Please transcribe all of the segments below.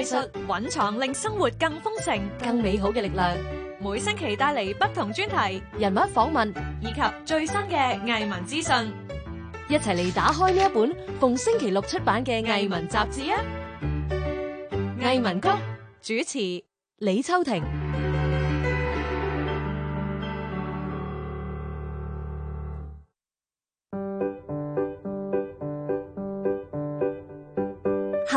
藝術蘊藏令生活更豐盛、更美好嘅力量。每星期帶嚟不同專題、人物訪問以及最新嘅藝文資訊，一齊嚟打開呢一本逢星期六出版嘅藝文雜誌啊！藝文谷主持李秋婷。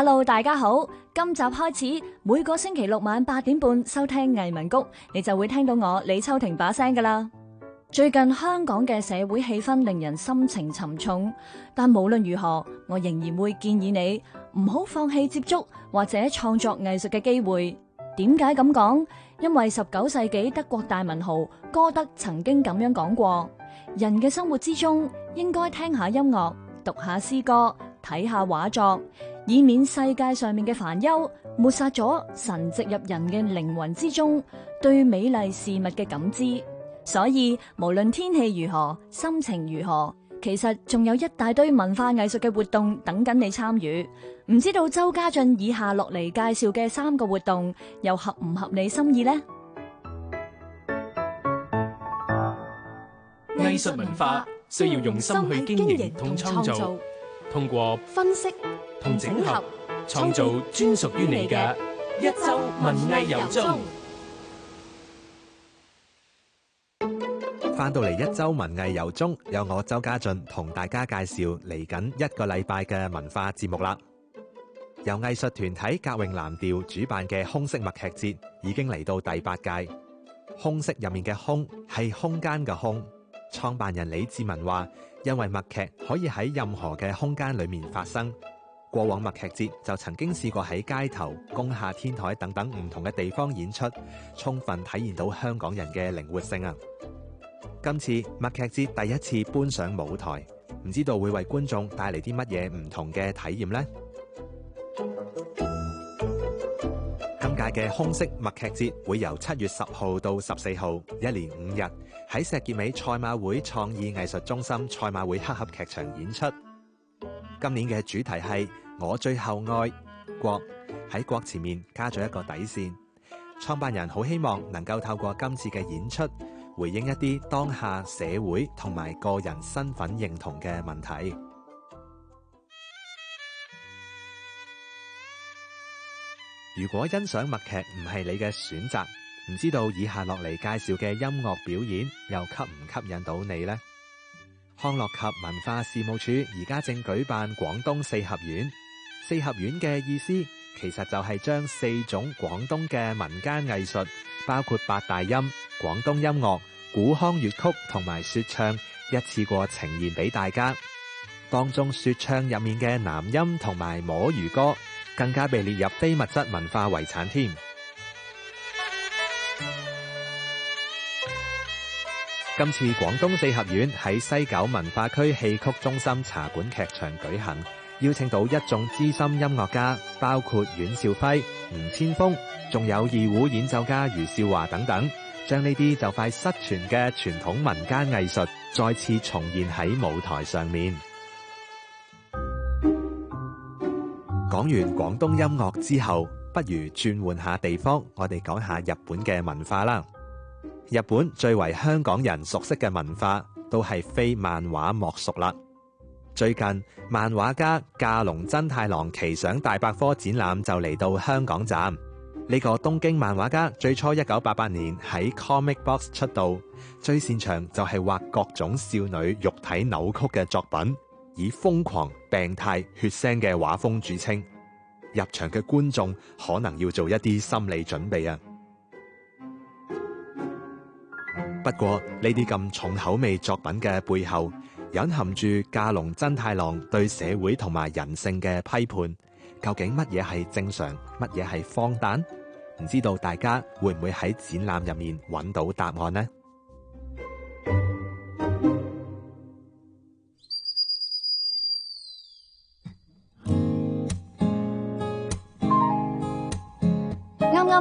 hello，大家好。今集開始，每個星期六晚八點半收聽《藝文谷》，你就會聽到我李秋婷把聲㗎喇。最近香港嘅社會氣氛令人心情沉重，但無論如何，我仍然會建議你唔好放棄接觸或者創作藝術嘅機會。點解咁講？因為十九世紀德國大文豪歌德曾經咁樣講過：人嘅生活之中應該聽下音樂、讀下詩歌、睇下畫作。.以免世界上面嘅煩憂抹殺咗神植入人嘅靈魂之中對美麗事物嘅感知，所以無論天氣如何、心情如何，其實仲有一大堆文化藝術嘅活動等緊你參與。唔知道周家俊以下落嚟介紹嘅三個活動又合唔合你心意呢？藝術文化需要用心去經營同創造。通過分析同整合，創造專屬於你嘅一周文藝遊蹤。翻到嚟，一周文藝遊蹤中，有我周家俊同大家介紹嚟緊一個禮拜嘅文化節目啦。由藝術團體格詠藍調主辦嘅空色默劇節，已經嚟到第八屆。空色入面嘅空係空間嘅空。創辦人李志文話。因為默劇可以喺任何嘅空間裏面發生，過往默劇節就曾經試過喺街頭、工廈、天台等等唔同嘅地方演出，充分體現到香港人嘅靈活性啊！今次默劇節第一次搬上舞台，唔知道會為觀眾帶嚟啲乜嘢唔同嘅體驗呢？界嘅空式默劇節會由七月十號到十四號一連五日喺石硤尾賽馬會創意藝術中心賽馬會黑盒劇場演出。今年嘅主題係我最後愛國，喺國前面加咗一個底線，創辦人好希望能夠透過今次嘅演出，回應一啲當下社會同埋個人身份認同嘅問題。如果欣賞默劇唔係你嘅選擇，唔知道以下落嚟介紹嘅音樂表演又吸唔吸引到你呢？康樂及文化事務署而家正舉辦廣東四合院。四合院嘅意思其實就係將四種廣東嘅民間藝術，包括八大音、廣東音樂、古腔粵曲同埋說唱，一次過呈現俾大家。當中說唱入面嘅南音同埋摸魚歌。更加被列入非物質文化遺產添。今次廣東四合院喺西九文化區戲曲中心茶館劇場舉行，邀請到一眾資深音樂家，包括阮兆輝、吳千豐，仲有二胡演奏家余少華等等，將呢啲就快失傳嘅傳統民間藝術再次重現喺舞台上面。講完廣東音樂之後，不如轉換下地方，我哋講下日本嘅文化啦。日本最為香港人熟悉嘅文化，都係非漫畫莫屬啦。最近漫畫家駕籠真太郎奇想大百科展覽就嚟到香港站。呢、這個東京漫畫家最初一九八八年喺 Comic Box 出道，最擅長就係畫各種少女肉體扭曲嘅作品。以瘋狂、病態、血腥嘅畫風著稱，入場嘅觀眾可能要做一啲心理準備啊。不過呢啲咁重口味作品嘅背後，隱含住架龍真太郎對社會同埋人性嘅批判。究竟乜嘢係正常，乜嘢係荒誕？唔知道大家會唔會喺展覽入面揾到答案呢？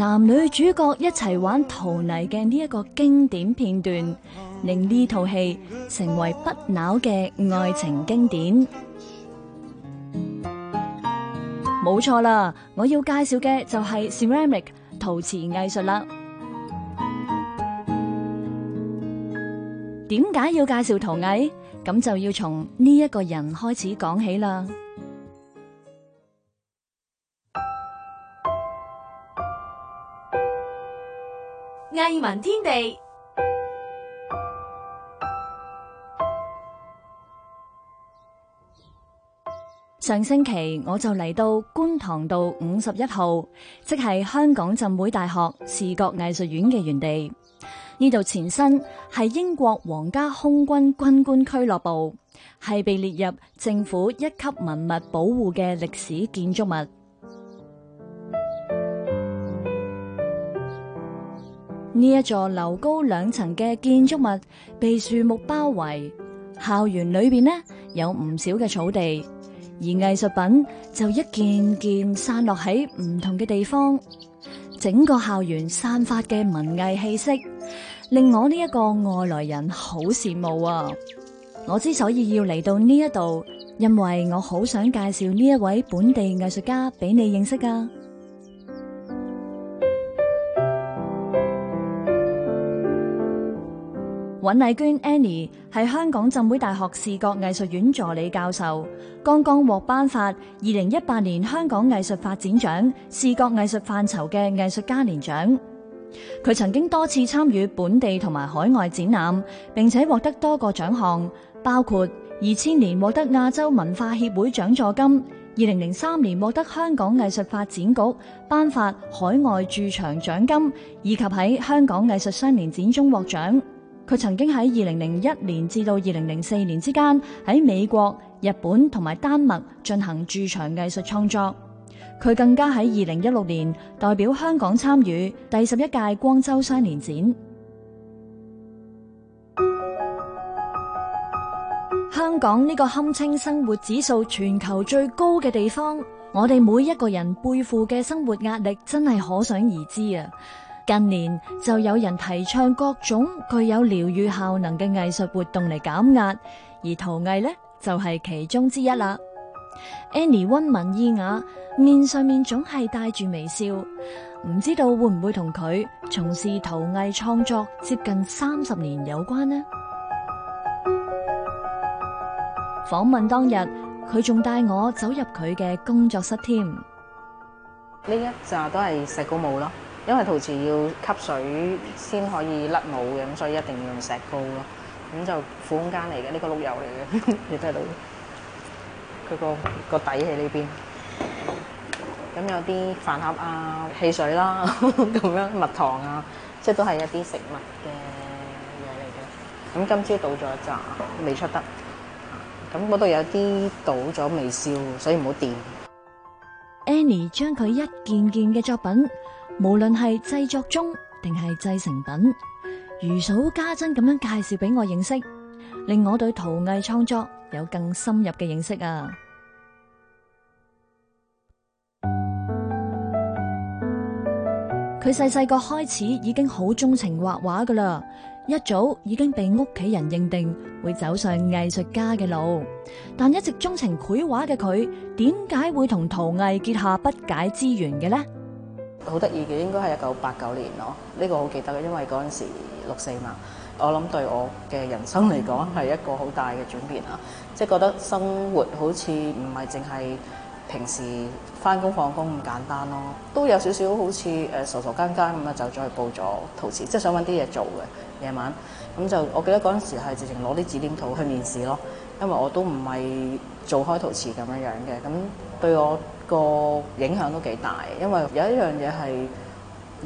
男女主角一齊玩陶泥嘅呢一個經典片段，令呢套戲成為不朽嘅愛情經典。冇錯啦，我要介紹嘅就係 ceramic 陶瓷藝術啦。點解要介紹陶藝？咁就要從呢一個人開始講起啦。藝文天地。上星期我就嚟到觀塘道五十一號，即係香港浸會大學視覺藝術院嘅原地。呢度前身係英國皇家空軍軍官俱樂部，係被列入政府一級文物保護嘅歷史建築物。呢一座樓高兩層嘅建築物被樹木包圍，校園裏邊呢有唔少嘅草地，而藝術品就一件件散落喺唔同嘅地方。整個校園散發嘅文藝氣息令我呢一個外來人好羨慕啊！我之所以要嚟到呢一度，因為我好想介紹呢一位本地藝術家俾你認識啊。尹麗娟 Annie 係香港浸會大學視覺藝術院助理教授，剛剛獲頒發二零一八年香港藝術發展獎視覺藝術範疇嘅藝術家年獎。佢曾經多次參與本地同埋海外展覽，並且獲得多個獎項，包括二千年獲得亞洲文化協會獎助金，二零零三年獲得香港藝術發展局頒發海外駐場獎金，以及喺香港藝術雙年展中獲獎。佢曾經喺二零零一年至到二零零四年之間喺美國、日本同埋丹麥進行駐場藝術創作。佢更加喺二零一六年代表香港參與第十一屆光州雙年展。 香港呢個堪稱生活指數全球最高嘅地方，我哋每一個人背負嘅生活壓力真係可想而知啊！近年就有人提倡各種具有療癒效能嘅藝術活動嚟減壓，而陶藝呢就係其中之一啦。Annie 溫文爾雅，面上面總係帶住微笑，唔知道會唔會同佢從事陶藝創作接近三十年有關呢？訪問當日，佢仲帶我走入佢嘅工作室添。呢一扎都係石膏模咯。因為陶瓷要吸水先可以甩模嘅，咁所以一定要用石膏咯。咁就苦空間嚟嘅，呢、呢個碌柚嚟嘅， 你睇到佢個個底喺呢邊。咁有啲飯盒啊、汽水啦咁樣蜜糖啊，即係都係一啲食物嘅嘢嚟嘅。咁今朝倒咗一紮，未出得。咁嗰度有啲倒咗未燒，所以唔好掂。annie 將佢一件件嘅作品，無論係製作中定係製成品，如數家珍咁樣介紹俾我認識，令我對陶藝創作有更深入嘅認識啊！佢細細個開始已經好鍾情畫畫噶啦。一早已經被屋企人認定會走上藝術家嘅路，但一直鍾情繪畫嘅佢，點解會同陶藝結下不解之緣嘅呢？好得意嘅，應該係一九八九年咯。呢個好記得嘅，因為嗰陣時六四嘛。我諗對我嘅人生嚟講，係一個好大嘅轉變啊！即係覺得生活好似唔係淨係。平時返工放工咁簡單咯，都有少少好似誒、呃、傻傻更更咁啊，走咗去報咗陶瓷，即係想揾啲嘢做嘅夜晚。咁就我記得嗰陣時係直情攞啲紙黏土去面試咯，因為我都唔係做開陶瓷咁樣樣嘅，咁對我個影響都幾大，因為有一樣嘢係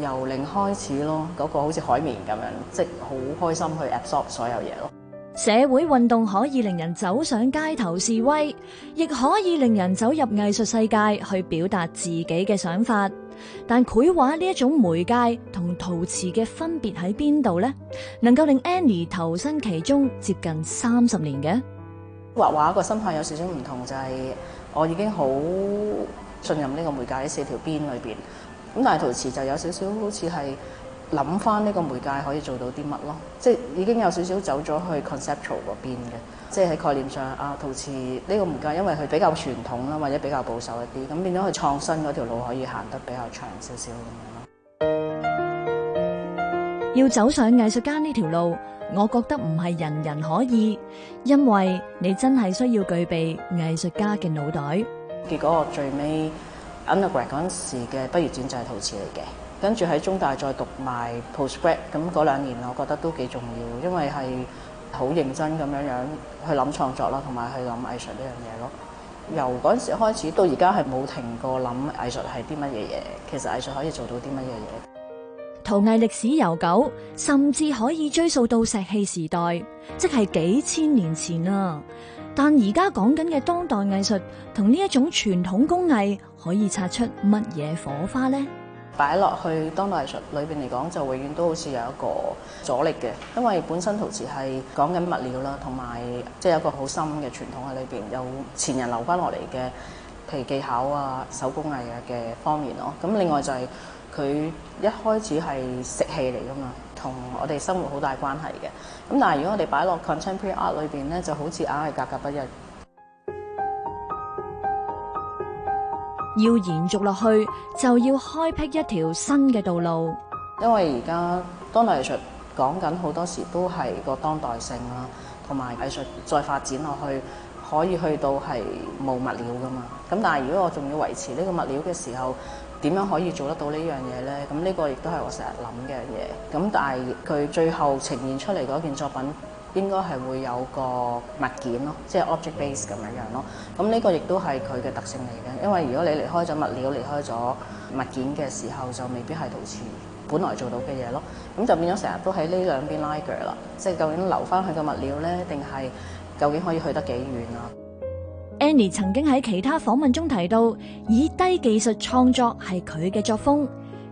由零開始咯，嗰、那個好似海綿咁樣，即係好開心去 absorb 所有嘢咯。社會運動可以令人走上街頭示威，亦可以令人走入藝術世界去表達自己嘅想法。但繪畫呢一種媒介同陶瓷嘅分別喺邊度呢？能夠令 Annie 投身其中接近三十年嘅畫畫個心態有少少唔同，就係、是、我已經好信任呢個媒介喺四條邊裏邊。咁但係陶瓷就有少少好似係。諗翻呢個媒介可以做到啲乜咯？即係已經有少少走咗去 conceptual 嗰邊嘅，即係喺概念上啊，陶瓷呢個媒介因為佢比較傳統啦，或者比較保守一啲，咁變咗佢創新嗰條路可以行得比較長少少咁樣咯。要走上藝術家呢條路，我覺得唔係人人可以，因為你真係需要具備藝術家嘅腦袋。結果我最尾 undergrad 嗰陣時嘅畢業展就係陶瓷嚟嘅。跟住喺中大再讀埋 postgrad，咁嗰兩年我覺得都幾重要，因為係好認真咁樣樣去諗創作啦，同埋去諗藝術呢樣嘢咯。由嗰陣時開始到而家係冇停過諗藝術係啲乜嘢嘢，其實藝術可以做到啲乜嘢嘢。陶藝歷史悠久，甚至可以追溯到石器時代，即係幾千年前啦。但而家講緊嘅當代藝術同呢一種傳統工藝可以擦出乜嘢火花呢？擺落去當代藝術裏邊嚟講，就永遠都好似有一個阻力嘅，因為本身陶瓷係講緊物料啦，同埋即係有一個好深嘅傳統喺裏邊，有前人留翻落嚟嘅譬如技巧啊、手工藝啊嘅方面咯、啊。咁另外就係、是、佢一開始係食器嚟㗎嘛，同我哋生活好大關係嘅。咁但係如果我哋擺落 contemporary art 裏邊咧，就好似硬係格格不入。要延續落去，就要開闢一條新嘅道路。因為而家當代藝術講緊好多時都係個當代性啦，同埋藝術再發展落去可以去到係冇物料噶嘛。咁但係如果我仲要維持呢個物料嘅時候，點樣可以做得到呢樣嘢呢？咁呢個亦都係我成日諗嘅嘢。咁但係佢最後呈現出嚟嗰件作品。應該係會有個物件咯，即係 object base 咁嘅樣咯。咁呢個亦都係佢嘅特性嚟嘅，因為如果你離開咗物料、離開咗物件嘅時候，就未必係到處本來做到嘅嘢咯。咁就變咗成日都喺呢兩邊拉鋸啦。即係究竟留翻佢嘅物料咧，定係究竟可以去得幾遠啊？Annie 曾經喺其他訪問中提到，以低技術創作係佢嘅作風。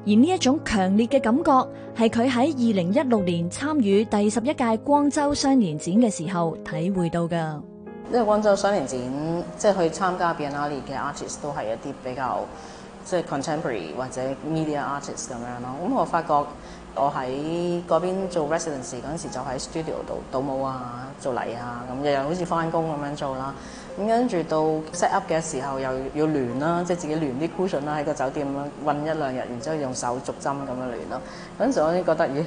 而呢一種強烈嘅感覺係佢喺二零一六年參與第十一屆光州雙年展嘅時候體會到㗎。因為光州雙年展即係去參加 biennale 嘅 artist 都係一啲比較即係、就是、contemporary 或者 media artist 咁樣咯。咁我發覺我喺嗰邊做 residency 嗰陣時就喺 studio 度倒模啊，做泥啊，咁日日好似返工咁樣做啦。.咁跟住到 set up 嘅時候又要亂啦、啊，即係自己亂啲 cushion 啦、啊，喺個酒店咁韫一兩日，然之後用手逐針咁樣亂咯、啊。嗰陣時我已經覺得，咦、哎，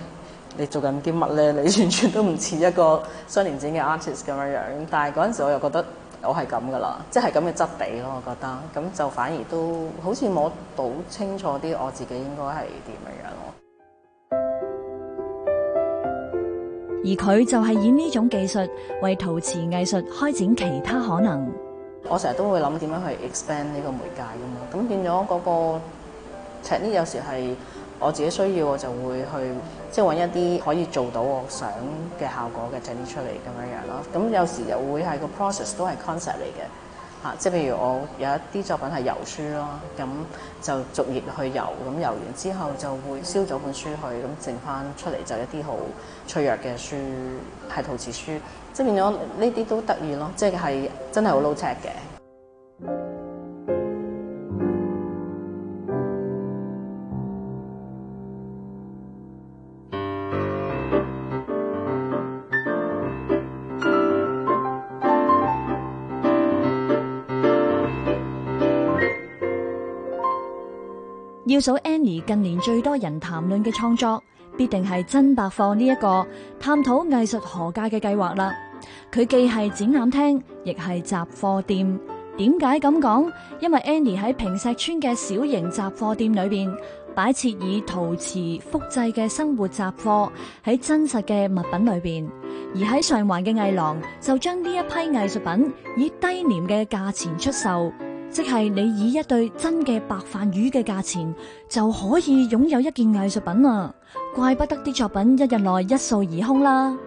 你做緊啲乜咧？你完全，全都唔似一個雙年展嘅 artist 咁樣樣，但係嗰陣時我又覺得我係咁噶啦，即係咁嘅質地咯、啊，我覺得。咁就反而都好似摸到清楚啲，我自己應該係點樣樣咯。而佢就係以呢種技術為陶瓷藝術開展其他可能。我成日都會諗點樣去 expand 呢個媒介咁咯。咁變咗嗰個漆呢？有時係我自己需要，我就會去即係揾一啲可以做到我想嘅效果嘅漆出嚟咁樣樣咯。咁有時又會係個 process 都係 concept 嚟嘅。即係譬如我有一啲作品係油書咯，咁就逐頁去油，咁油完之後就會燒咗本書去，咁剩翻出嚟就一啲好脆弱嘅書，係陶瓷書，即係變咗呢啲都得意咯，即係真係好 low tech 嘅。要數 Annie 近年最多人談論嘅創作，必定係真百貨呢一個探討藝術何價嘅計劃啦。佢既係展覽廳，亦係雜貨店。點解咁講？因為 Annie 喺平石村嘅小型雜貨店裏邊擺設以陶瓷複製嘅生活雜貨喺真實嘅物品裏邊，而喺上環嘅藝廊就將呢一批藝術品以低廉嘅價錢出售。即係你以一對真嘅白飯魚嘅價錢就可以擁有一件藝術品啦，啊，怪不得啲作品一日內一掃而空啦。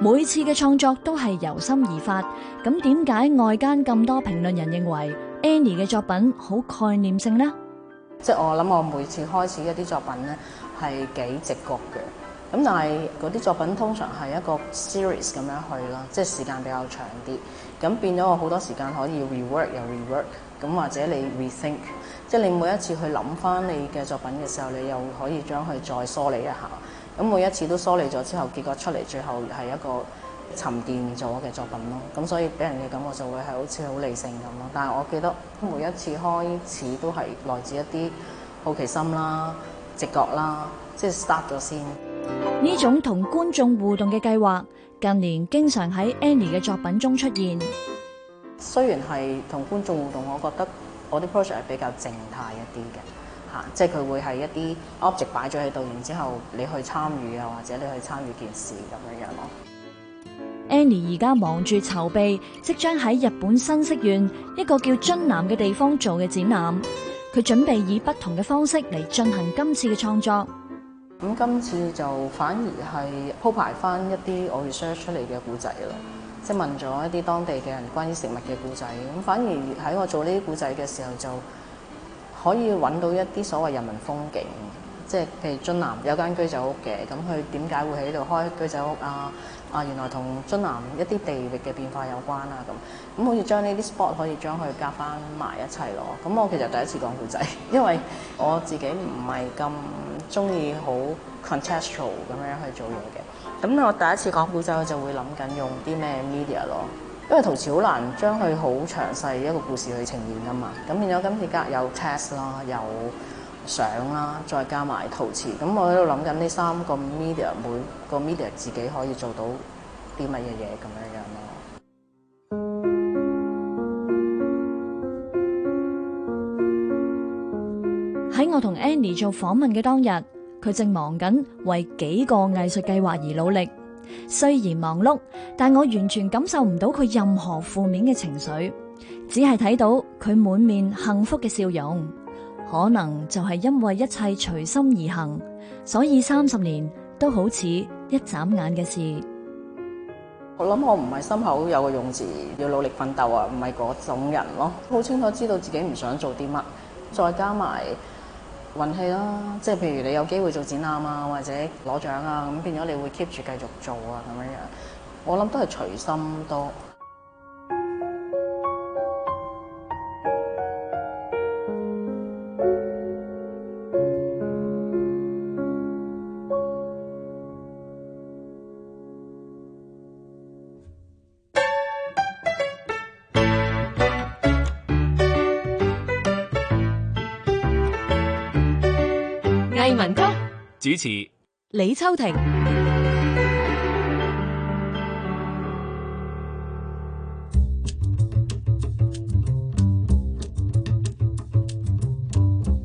每次嘅創作都係由心而發，咁點解外間咁多評論人認為 Annie 嘅作品好概念性呢？即係我諗我每次開始一啲作品呢，係幾直覺嘅。咁但係嗰啲作品通常係一個 series 咁樣去咯，即係時間比較長啲。咁變咗我好多時間可以 rework 又 rework，咁或者你 rethink，即係你每一次去諗翻你嘅作品嘅時候，你又可以將佢再梳理一下。咁每一次都梳理咗之後，結果出嚟最後係一個沉澱咗嘅作品咯。咁所以俾人嘅感覺就會係好似好理性咁咯。但係我記得每一次開始都係來自一啲好奇心啦、直覺啦，即係 start 咗先。呢種同觀眾互動嘅計劃近年經常喺 Annie 嘅作品中出現。雖然係同觀眾互動，我覺得我啲 project 係比較靜態一啲嘅，吓、啊，即係佢會係一啲 object 擺咗喺度，然之後你去參與啊，或者你去參與件事咁樣樣咯。Annie 而家忙住籌備即將喺日本新潟縣一個叫津南嘅地方做嘅展覽，佢準備以不同嘅方式嚟進行今次嘅創作。咁今次就反而係鋪排翻一啲我去 search 出嚟嘅古仔啦，即、就、係、是、問咗一啲當地嘅人關於食物嘅古仔。咁反而喺我做呢啲古仔嘅時候，就可以揾到一啲所謂人民風景。即係，譬如津南有間居酒屋嘅，咁佢點解會喺度開居酒屋啊？啊，原來同津南一啲地域嘅變化有關啦，啊，咁咁好似將呢啲 spot 可以將佢夾返埋一齊咯。咁我其實第一次講古仔，因為我自己唔係咁中意好 contextual 咁樣去做嘢嘅。咁我第一次講古仔，我就會諗緊用啲咩 media 咯，因為陶瓷好難將佢好詳細一個故事去呈現㗎嘛。咁變咗今次夾有 test 啦，有相啦，再加埋陶瓷，咁我喺度諗緊呢三個 media，每個 media 自己可以做到啲乜嘢嘢咁樣樣咯。喺我同 Annie 做訪問嘅當日，佢正忙緊為幾個藝術計劃而努力。雖然忙碌，但我完全感受唔到佢任何負面嘅情緒，只係睇到佢滿面幸福嘅笑容。可能就係因為一切隨心而行，所以三十年都好似一眨眼嘅事。我諗我唔係心口有個勇字，要努力奮鬥啊，唔係嗰種人咯。好清楚知道自己唔想做啲乜，再加埋運氣啦。即係譬如你有機會做展覽啊，或者攞獎啊，咁變咗你會 keep 住繼續做啊，咁樣樣。我諗都係隨心多。文曲，主持李秋婷。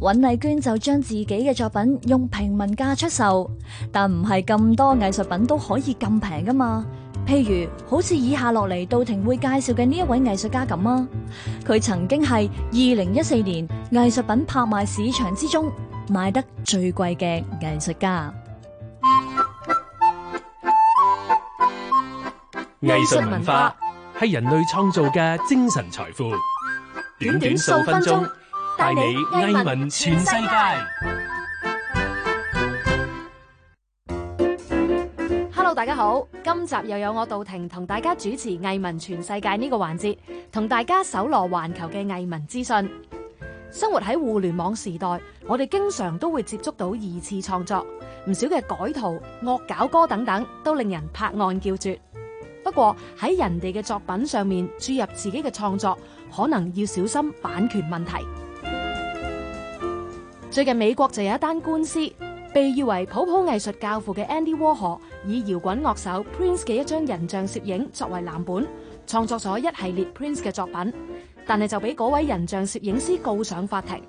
尹麗娟就將自己嘅作品用平民價出售，但唔係咁多藝術品都可以咁平噶嘛？譬如好似以下落嚟，杜婷會介紹嘅呢一位藝術家咁啊，佢曾經係二零一四年藝術品拍賣市場之中，買得最貴嘅藝術家，藝術文化係人類創造嘅精神財富。短短數分鐘，帶你藝文全世界。Hello，大家好，今集又有我杜婷同大家主持藝文全世界呢個環節，同大家搜羅環球嘅藝文資訊。生活喺互聯網時代，我哋經常都會接觸到二次創作，唔少嘅改圖、惡搞歌等等，都令人拍案叫絕。不過喺人哋嘅作品上面注入自己嘅創作，可能要小心版權問題。最近美國就有一單官司，被譽為普普藝術教父嘅 Andy Warhol，以搖滾樂手 Prince 嘅一張人像攝影作為藍本，創作咗一系列 Prince 嘅作品。但係就俾嗰位人像攝影師告上法庭。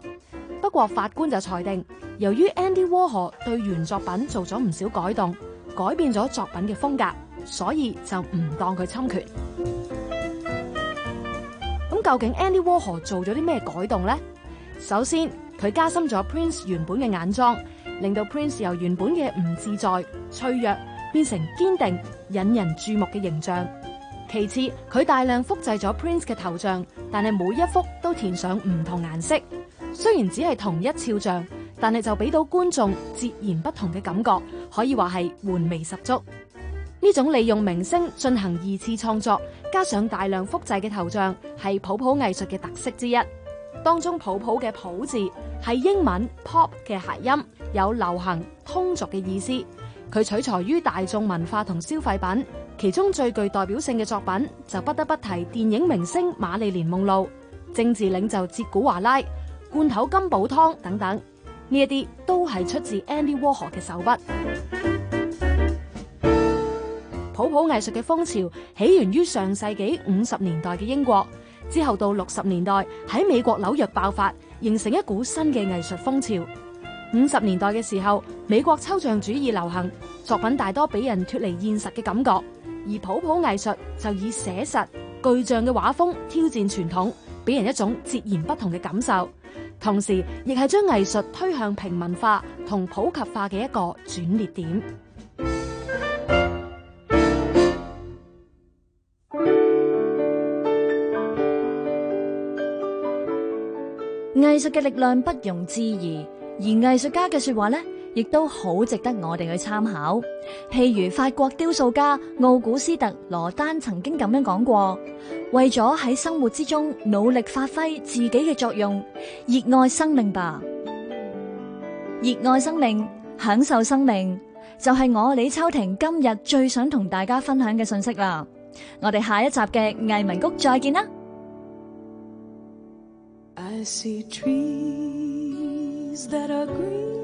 不過法官就裁定，由於 Andy Warhol 對原作品做咗唔少改動，改變咗作品嘅風格，所以就唔當佢侵權。咁究竟 Andy Warhol 做咗啲咩改動呢？首先，佢加深咗 Prince 原本嘅眼妝，令到 Prince 由原本嘅唔自在、脆弱，變成堅定、引人注目嘅形象。其次，佢大量複製咗 Prince 嘅頭像，但係每一幅都填上唔同顏色。雖然只係同一肖像，但係就俾到觀眾截然不同嘅感覺，可以話係玩味十足。呢種利用明星進行二次創作，加上大量複製嘅頭像，係普普藝術嘅特色之一。當中“普普”嘅“普”字係英文 “pop” 嘅諧音，有流行、通俗嘅意思。佢取材於大眾文化同消費品。其中最具代表性嘅作品就不得不提電影明星瑪麗蓮夢露、政治領袖哲古華拉、罐頭金寶湯等等，呢一啲都係出自 Andy Warhol 嘅手筆。 普普藝術嘅風潮起源於上世紀五十年代嘅英國，之後到六十年代喺美國紐約爆發，形成一股新嘅藝術風潮。五十年代嘅時候，美國抽象主義流行，作品大多俾人脱離現實嘅感覺。而普普藝術就以寫實、具象嘅畫風挑戰傳統，俾人一種截然不同嘅感受，同時亦係將藝術推向平民化同普及化嘅一個轉捩點。藝術嘅力量不容置疑，而藝術家嘅說話呢？亦都好值得我哋去參考，譬如法國雕塑家奧古斯特羅丹曾經咁樣講過，為咗喺生活之中努力發揮自己嘅作用，熱愛生命吧，熱愛生命，享受生命，就係我李秋婷今日最想同大家分享嘅信息啦！我哋下一集嘅藝文谷再見啦！I see trees that are green